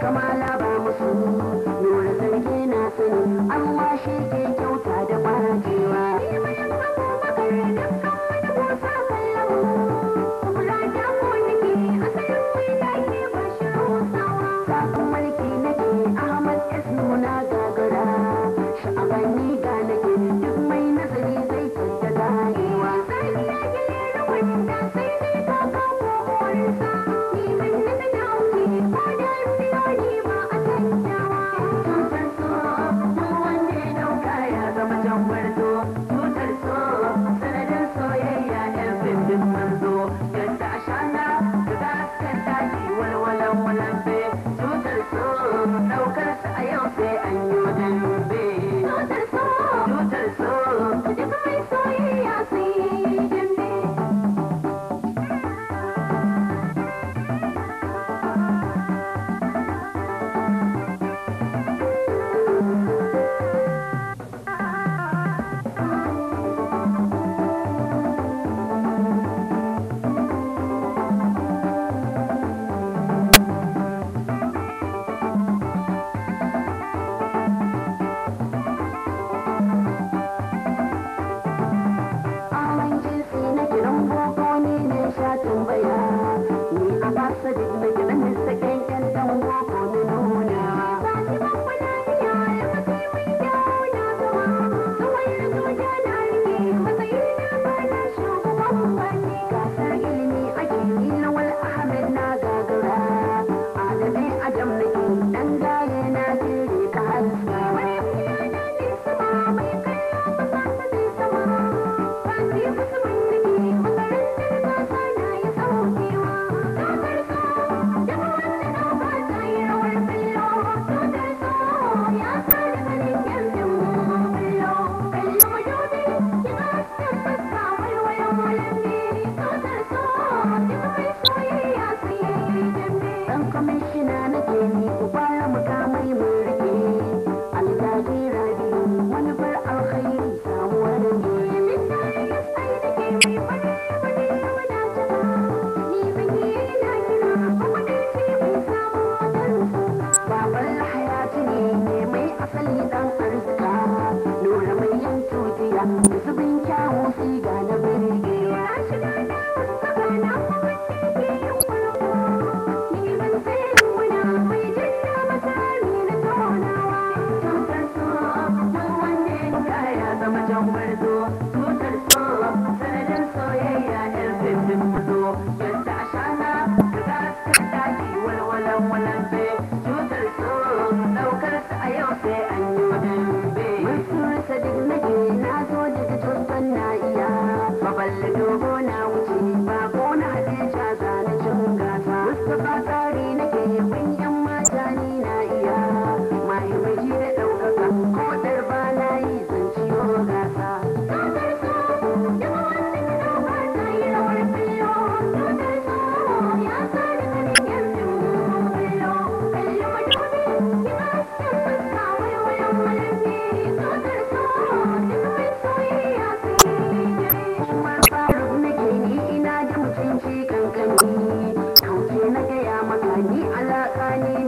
kamala ba musu nura sarki na sani Allah shi ke kyauta happy. I Ani.